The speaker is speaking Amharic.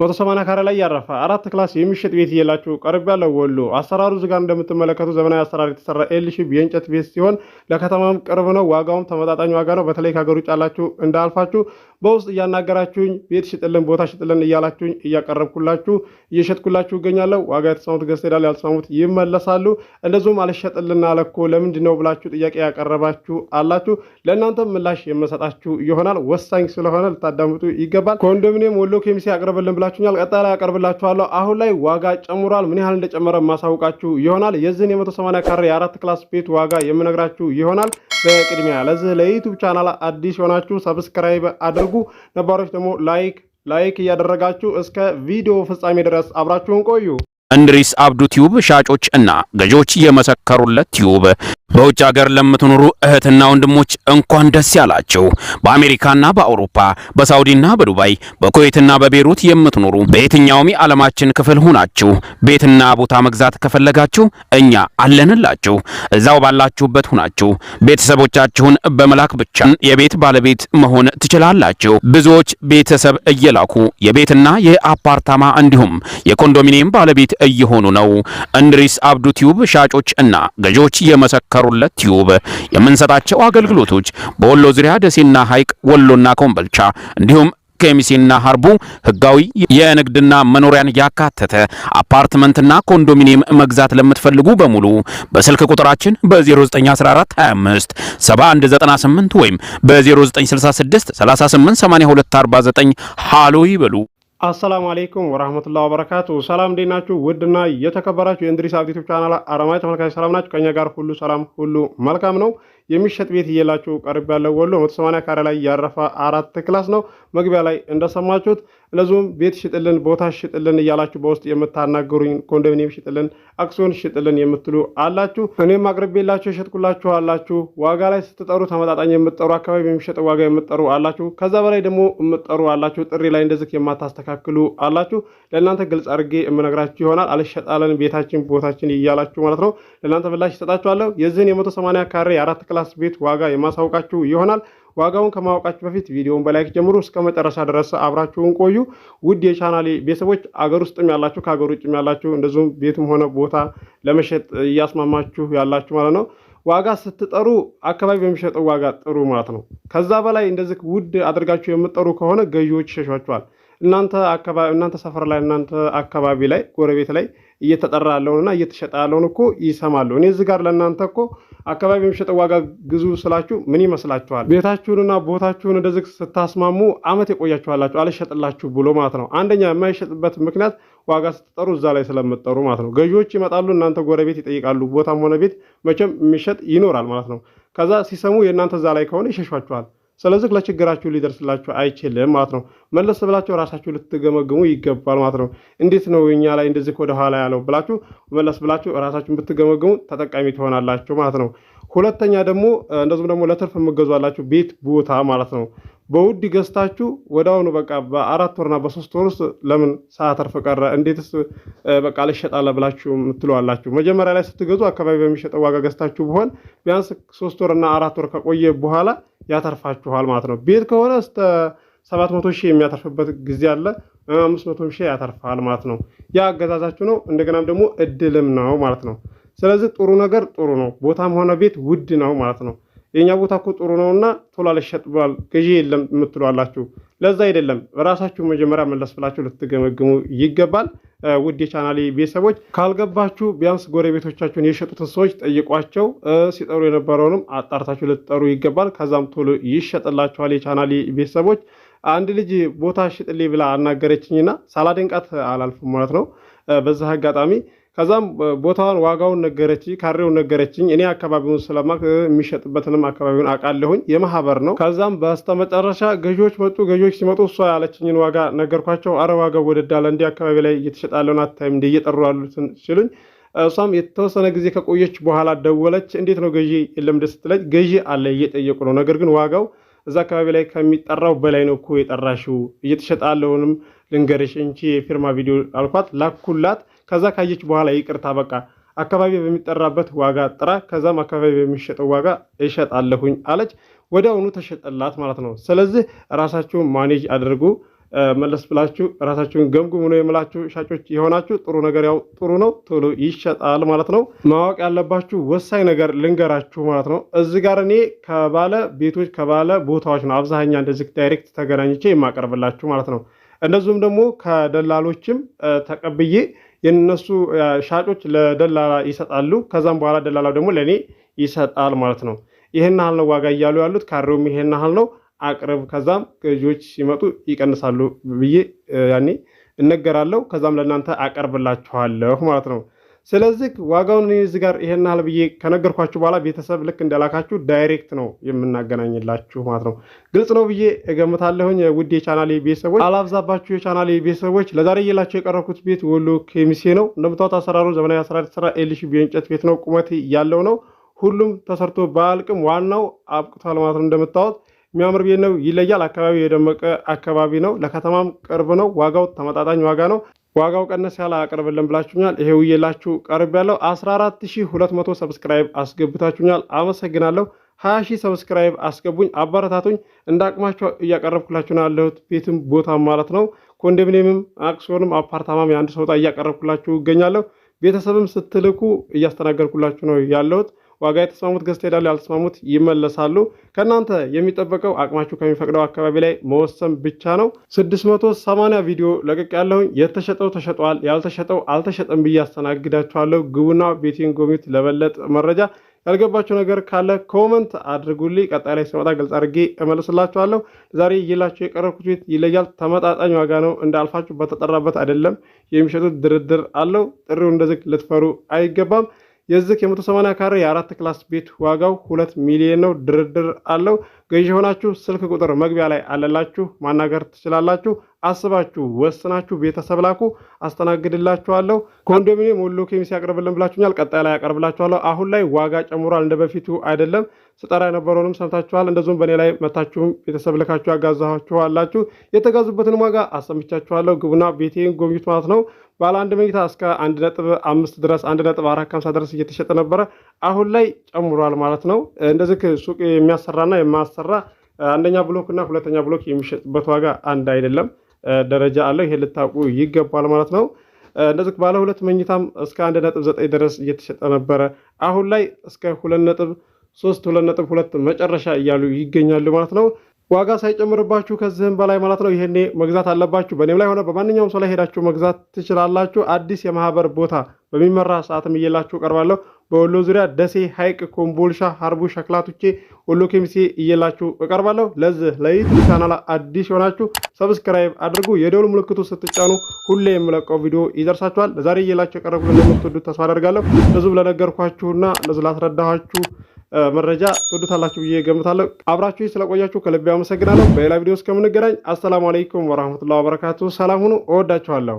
መቶ ሰማንያ ካሬ ላይ ያረፈ አራት ክላስ የሚሸጥ ቤት እየላችሁ ቀርብ ያለው ወሎ። አሰራሩ እዚህ ጋር እንደምትመለከቱ ዘመናዊ አሰራር የተሰራ ኤል የእንጨት ቤት ሲሆን ለከተማም ቅርብ ነው። ዋጋውም ተመጣጣኝ ዋጋ ነው። በተለይ ከሀገር ውጭ ያላችሁ እንዳልፋችሁ በውስጥ እያናገራችሁኝ ቤት ሽጥልን፣ ቦታ ሽጥልን እያላችሁኝ እያቀረብኩላችሁ እየሸጥኩላችሁ እገኛለሁ። ዋጋ የተስማሙት ገዝተው ሄዳል፣ ያልተስማሙት ይመለሳሉ። እንደዚሁም አልሸጥልን አለኮ ለምንድን ነው ብላችሁ ጥያቄ ያቀረባችሁ አላችሁ። ለእናንተም ምላሽ የምሰጣችሁ ይሆናል። ወሳኝ ስለሆነ ልታዳምጡ ይገባል። ኮንዶሚኒየም ወሎ ኬሚሴ አቅርብልን ብላ ብላችሁኛል። ቀጣይ ላይ ያቀርብላችኋለሁ። አሁን ላይ ዋጋ ጨምሯል። ምን ያህል እንደጨመረ ማሳውቃችሁ ይሆናል። የዚህን የ180 ካሬ የአራት ክላስ ቤት ዋጋ የምነግራችሁ ይሆናል። በቅድሚያ ለዚህ ለዩቱብ ቻናል አዲስ የሆናችሁ ሰብስክራይብ አድርጉ፣ ነባሮች ደግሞ ላይክ ላይክ እያደረጋችሁ እስከ ቪዲዮ ፍጻሜ ድረስ አብራችሁን ቆዩ። እንድሪስ አብዱ ቲዩብ ሻጮች እና ገዢዎች የመሰከሩለት ቲዩብ በውጭ ሀገር ለምትኖሩ እህትና ወንድሞች እንኳን ደስ ያላችሁ። በአሜሪካና በአውሮፓ በሳውዲና በዱባይ በኩዌትና በቤሩት የምትኖሩ በየትኛውም የዓለማችን ክፍል ሁናችሁ ቤትና ቦታ መግዛት ከፈለጋችሁ እኛ አለንላችሁ። እዛው ባላችሁበት ሁናችሁ ቤተሰቦቻችሁን በመላክ ብቻ የቤት ባለቤት መሆን ትችላላችሁ። ብዙዎች ቤተሰብ እየላኩ የቤትና የአፓርታማ እንዲሁም የኮንዶሚኒየም ባለቤት እየሆኑ ነው። እንድሪስ አብዱ ቲዩብ ሻጮች እና ገዢዎች የመሰከሩለት ቲዩብ የምንሰጣቸው አገልግሎቶች በወሎ ዙሪያ ደሴና ሐይቅ፣ ወሎና ኮምበልቻ እንዲሁም ከሚሴና ሀርቡ ህጋዊ የንግድና መኖሪያን ያካተተ አፓርትመንትና ኮንዶሚኒየም መግዛት ለምትፈልጉ በሙሉ በስልክ ቁጥራችን በ091425 7198 ወይም በ0966 ሃሎ ይበሉ። አሰላሙ አሌይኩም ወራህመቱላ ወበረካቱ። ሰላም እንዴት ናችሁ? ውድና የተከበራችሁ የእንድሪስ አብዲቱ ቻናል አረማዊ ተመልካች ሰላም ናችሁ? ከኛ ጋር ሁሉ ሰላም ሁሉ መልካም ነው። የሚሸጥ ቤት እየላችሁ ቀርብ ያለው ወሎ 180 ካሬ ላይ ያረፈ አራት ክላስ ነው። መግቢያ ላይ እንደሰማችሁት እንደዚሁም ቤት ሽጥልን፣ ቦታ ሽጥልን እያላችሁ በውስጥ የምታናገሩኝ ኮንዶሚኒየም ሽጥልን፣ አክሲዮን ሽጥልን የምትሉ አላችሁ። እኔም አቅርቤላችሁ የሸጥኩላችሁ አላችሁ። ዋጋ ላይ ስትጠሩ ተመጣጣኝ የምትጠሩ አካባቢ የሚሸጥ ዋጋ የምትጠሩ አላችሁ። ከዛ በላይ ደግሞ የምትጠሩ አላችሁ። ጥሪ ላይ እንደዚህ የማታስተካክሉ አላችሁ። ለእናንተ ግልጽ አድርጌ የምነግራችሁ ይሆናል። አልሸጣለን ቤታችን ቦታችን እያላችሁ ማለት ነው። ለእናንተ ምላሽ ይሰጣችኋለሁ። የዚህን የ180 ካሬ የአራት ክላስ ፕላስ ቤት ዋጋ የማሳውቃችሁ ይሆናል። ዋጋውን ከማወቃችሁ በፊት ቪዲዮውን በላይክ ጀምሩ፣ እስከ መጨረሻ ድረስ አብራችሁን ቆዩ። ውድ የቻናሌ ቤተሰቦች አገር ውስጥም ያላችሁ ከሀገር ውጭም ያላችሁ እንደዚሁም ቤትም ሆነ ቦታ ለመሸጥ እያስማማችሁ ያላችሁ ማለት ነው ዋጋ ስትጠሩ አካባቢ በሚሸጠው ዋጋ ጥሩ ማለት ነው። ከዛ በላይ እንደዚህ ውድ አድርጋችሁ የምትጠሩ ከሆነ ገዢዎች ይሸሿችኋል። እናንተ ሰፈር ላይ፣ እናንተ አካባቢ ላይ፣ ጎረቤት ላይ እየተጠራ ያለውንና እየተሸጠ ያለውን እኮ ይሰማሉ። እኔ እዚህ ጋር ለእናንተ እኮ አካባቢ የሚሸጠው ዋጋ ግዙ ስላችሁ ምን ይመስላችኋል? ቤታችሁንና ቦታችሁን እንደዚህ ስታስማሙ አመት የቆያችኋላችሁ አልሸጥላችሁ ብሎ ማለት ነው። አንደኛ የማይሸጥበት ምክንያት ዋጋ ስትጠሩ እዛ ላይ ስለምትጠሩ ማለት ነው። ገዢዎች ይመጣሉ፣ እናንተ ጎረቤት ይጠይቃሉ። ቦታም ሆነ ቤት መቼም የሚሸጥ ይኖራል ማለት ነው። ከዛ ሲሰሙ የእናንተ እዛ ላይ ከሆነ ይሸሿችኋል። ስለዚህ ለችግራችሁ ሊደርስላችሁ አይችልም ማለት ነው። መለስ ብላችሁ ራሳችሁ ልትገመግሙ ይገባል ማለት ነው። እንዴት ነው እኛ ላይ እንደዚህ ወደ ኋላ ያለው ብላችሁ መለስ ብላችሁ ራሳችሁን ብትገመግሙ ተጠቃሚ ትሆናላችሁ ማለት ነው። ሁለተኛ ደግሞ እንደዚሁም ደግሞ ለትርፍ የምገዟላችሁ ቤት ቦታ ማለት ነው። በውድ ገዝታችሁ ወደ አሁኑ በቃ በአራት ወርና በሶስት ወር ውስጥ ለምን ሰዓተር ፈቀረ እንዴትስ በቃ ልሸጣለ ብላችሁ ምትለዋላችሁ። መጀመሪያ ላይ ስትገዙ አካባቢ በሚሸጠው ዋጋ ገዝታችሁ ቢሆን ቢያንስ ሶስት ወርና አራት ወር ከቆየ በኋላ ያተርፋችኋል ማለት ነው። ቤት ከሆነ እስከ ሰባት መቶ ሺህ የሚያተርፍበት ጊዜ አለ። አምስት መቶ ሺህ ያተርፋል ማለት ነው። ያ አገዛዛችሁ ነው። እንደገናም ደግሞ እድልም ነው ማለት ነው። ስለዚህ ጥሩ ነገር ጥሩ ነው። ቦታም ሆነ ቤት ውድ ነው ማለት ነው። የእኛ ቦታ እኮ ጥሩ ነውና ቶሎ አልሸጥባል ገዢ የለም የምትሉ አላችሁ። ለዛ አይደለም ራሳችሁ መጀመሪያ መለስ ብላችሁ ልትገመግሙ ይገባል። ውድ የቻናሌ ቤተሰቦች ካልገባችሁ ቢያንስ ጎረቤቶቻችሁን የሸጡትን ሰዎች ጠይቋቸው። ሲጠሩ የነበረውንም አጣርታችሁ ልትጠሩ ይገባል። ከዛም ቶሎ ይሸጥላችኋል። የቻናሌ ቤተሰቦች አንድ ልጅ ቦታ ሽጥልኝ ብላ አናገረችኝና ሳላደንቃት አላልፍም ማለት ነው። በዛ አጋጣሚ ከዛም ቦታውን ዋጋውን ነገረች፣ ካሬውን ነገረችኝ። እኔ አካባቢውን ስለማቅ የሚሸጥበትንም አካባቢውን አውቃለሁኝ። የማህበር ነው። ከዛም በስተመጨረሻ ገዢዎች መጡ። ገዢዎች ሲመጡ እሷ ያለችኝን ዋጋ ነገርኳቸው። አረ ዋጋው ወደዳለ እንዲህ አካባቢ ላይ እየተሸጣለውን አታይም እንዲ እየጠሩ ያሉትን ሲሉኝ እሷም የተወሰነ ጊዜ ከቆየች በኋላ ደወለች። እንዴት ነው ገዢ የለም ደስ ስትለኝ፣ ገዢ አለ እየጠየቁ ነው፣ ነገር ግን ዋጋው እዛ አካባቢ ላይ ከሚጠራው በላይ ነው እኮ የጠራሽው፣ እየተሸጣለውንም ልንገርሽ እንጂ የፊርማ ቪዲዮ አልኳት፣ ላኩላት። ከዛ ካየች በኋላ ይቅርታ በቃ አካባቢ በሚጠራበት ዋጋ ጥራ፣ ከዛም አካባቢ በሚሸጠው ዋጋ እሸጣለሁኝ አለች። ወዲያውኑ ተሸጠላት ማለት ነው። ስለዚህ ራሳችሁን ማኔጅ አድርጉ። መለስ ብላችሁ ራሳችሁን ገምግሙ ነው የምላችሁ። ሻጮች የሆናችሁ ጥሩ ነገር ያው ጥሩ ነው፣ ቶሎ ይሸጣል ማለት ነው። ማወቅ ያለባችሁ ወሳኝ ነገር ልንገራችሁ ማለት ነው። እዚህ ጋር እኔ ከባለ ቤቶች ከባለ ቦታዎች ነው አብዛኛ እንደዚህ ዳይሬክት ተገናኝቼ የማቀርብላችሁ ማለት ነው። እንደዚሁም ደግሞ ከደላሎችም ተቀብዬ የነሱ ሻጮች ለደላላ ይሰጣሉ። ከዛም በኋላ ደላላው ደግሞ ለእኔ ይሰጣል ማለት ነው። ይሄን ያህል ነው ዋጋ እያሉ ያሉት፣ ካሬውም ይሄን ያህል ነው አቅርብ፣ ከዛም ገዢዎች ሲመጡ ይቀንሳሉ ብዬ ያኔ እነገራለሁ። ከዛም ለእናንተ አቀርብላችኋለሁ ማለት ነው። ስለዚህ ዋጋውን እኔ እዚህ ጋር ይሄን ያህል ብዬ ከነገርኳችሁ በኋላ ቤተሰብ ልክ እንደላካችሁ ዳይሬክት ነው የምናገናኝላችሁ ማለት ነው። ግልጽ ነው ብዬ እገምታለሁኝ። ውድ የቻናሌ ቤተሰቦች አላብዛባችሁ። የቻናሌ ቤተሰቦች ለዛሬ እየላቸው የቀረብኩት ቤት ወሎ ኬሚሴ ነው። እንደምታዩት አሰራሩ ዘመናዊ አሰራር የተሰራ ኤልሽ የእንጨት ቤት ነው። ቁመት ያለው ነው። ሁሉም ተሰርቶ ባያልቅም ዋናው አብቅቷል ማለት ነው እንደምታዩት የሚያምር ቤት ነው። ይለያል። አካባቢ የደመቀ አካባቢ ነው። ለከተማም ቅርብ ነው። ዋጋው ተመጣጣኝ ዋጋ ነው። ዋጋው ቀነስ ያለ አቅርብልን ብላችሁኛል። ይሄ ውዬላችሁ ቀርብ ያለው 14200 ሰብስክራይብ አስገብታችሁኛል። አመሰግናለሁ። 20ሺህ ሰብስክራይብ አስገቡኝ፣ አበረታቱኝ። እንደ አቅማቸው እያቀረብኩላችሁ ነው ያለሁት። ቤትም ቦታም ማለት ነው። ኮንዶሚኒየምም፣ አክሲዮንም፣ አፓርታማም የአንድ ሰውጣ እያቀረብኩላችሁ እገኛለሁ። ቤተሰብም ስትልኩ እያስተናገድኩላችሁ ነው ያለሁት። ዋጋ የተስማሙት ገዝተው ይሄዳሉ፣ ያልተስማሙት ይመለሳሉ። ከእናንተ የሚጠበቀው አቅማችሁ ከሚፈቅደው አካባቢ ላይ መወሰን ብቻ ነው። 680 ቪዲዮ ለቅቅ ያለሁኝ የተሸጠው ተሸጠዋል፣ ያልተሸጠው አልተሸጠም ብዬ አስተናግዳችኋለሁ። ግቡና ቤቴን ጎብኙት። ለበለጠ መረጃ ያልገባችሁ ነገር ካለ ኮመንት አድርጉልኝ። ቀጣይ ላይ ሲመጣ ገልጽ አድርጌ እመልስላችኋለሁ። ዛሬ ይላችሁ የቀረብኩት ቤት ይለያል። ተመጣጣኝ ዋጋ ነው፣ እንዳልፋችሁ በተጠራበት አይደለም። የሚሸጡት ድርድር አለው። ጥሪው እንደዚህ ልትፈሩ አይገባም። የዚህ የ180 ካሬ የአራት ክላስ ቤት ዋጋው ሁለት ሚሊዮን ነው። ድርድር አለው። ገዢ የሆናችሁ ስልክ ቁጥር መግቢያ ላይ አለላችሁ፣ ማናገር ትችላላችሁ። አስባችሁ ወስናችሁ ቤተሰብ ላኩ፣ አስተናግድላችኋለሁ። ኮንዶሚኒየም ወሎ ኬሚስ ያቀርብልን ብላችሁኛል። ቀጣይ ላይ ያቀርብላችኋለሁ። አሁን ላይ ዋጋ ጨምሯል፣ እንደ በፊቱ አይደለም። ስጠራ የነበረውንም ሰምታችኋል። እንደዚሁም በእኔ ላይ መታችሁም ቤተሰብ ልካችሁ ያጋዛችኋላችሁ። የተጋዙበትን ዋጋ አሰምቻችኋለሁ። ግቡና ቤቴን ጎብኙት ማለት ነው። ባለ አንድ መኝታ እስከ አንድ ነጥብ አምስት ድረስ አንድ ነጥብ አራት ከምሳ ድረስ እየተሸጠ ነበረ። አሁን ላይ ጨምሯል ማለት ነው። እንደዚህ ሱቅ የሚያሰራና የማያሰራ አንደኛ ብሎክ እና ሁለተኛ ብሎክ የሚሸጥበት ዋጋ አንድ አይደለም፣ ደረጃ አለው። ይሄ ልታውቁ ይገባል ማለት ነው። እንደዚህ ባለ ሁለት መኝታም እስከ አንድ ነጥብ ዘጠኝ ድረስ እየተሸጠ ነበረ። አሁን ላይ እስከ ሁለት ነጥብ ሶስት ሁለት ነጥብ ሁለት መጨረሻ እያሉ ይገኛሉ ማለት ነው። ዋጋ ሳይጨምርባችሁ ከዚህም በላይ ማለት ነው። ይሄኔ መግዛት አለባችሁ። በእኔም ላይ ሆነ በማንኛውም ሰው ላይ ሄዳችሁ መግዛት ትችላላችሁ። አዲስ የማህበር ቦታ በሚመራ ሰዓትም እየላችሁ ቀርባለሁ። በወሎ ዙሪያ ደሴ፣ ሐይቅ፣ ኮምቦልሻ፣ ሀርቡ፣ ሸክላ ወሎ ኬሚሴ እየላችሁ እቀርባለሁ። ለዚህ ለዩቱብ ቻናል አዲስ የሆናችሁ ሰብስክራይብ አድርጉ። የደውል ምልክቱ ስትጫኑ ሁሌ የምለቀው ቪዲዮ ይደርሳችኋል። ለዛሬ እየላችሁ የቀረብኩ እንደምትወዱት ተስፋ አደርጋለሁ። ለዙብ ለነገርኳችሁና ለዚህ ላስረዳኋችሁ መረጃ ትወዱታላችሁ ብዬ ገምታለሁ። አብራችሁ ስለቆያችሁ ከልቤ አመሰግናለሁ። በሌላ ቪዲዮ እስከምንገናኝ አሰላሙ አለይኩም ወራህመቱላሂ ወበረካቱ። ሰላም ሁኑ። እወዳችኋለሁ።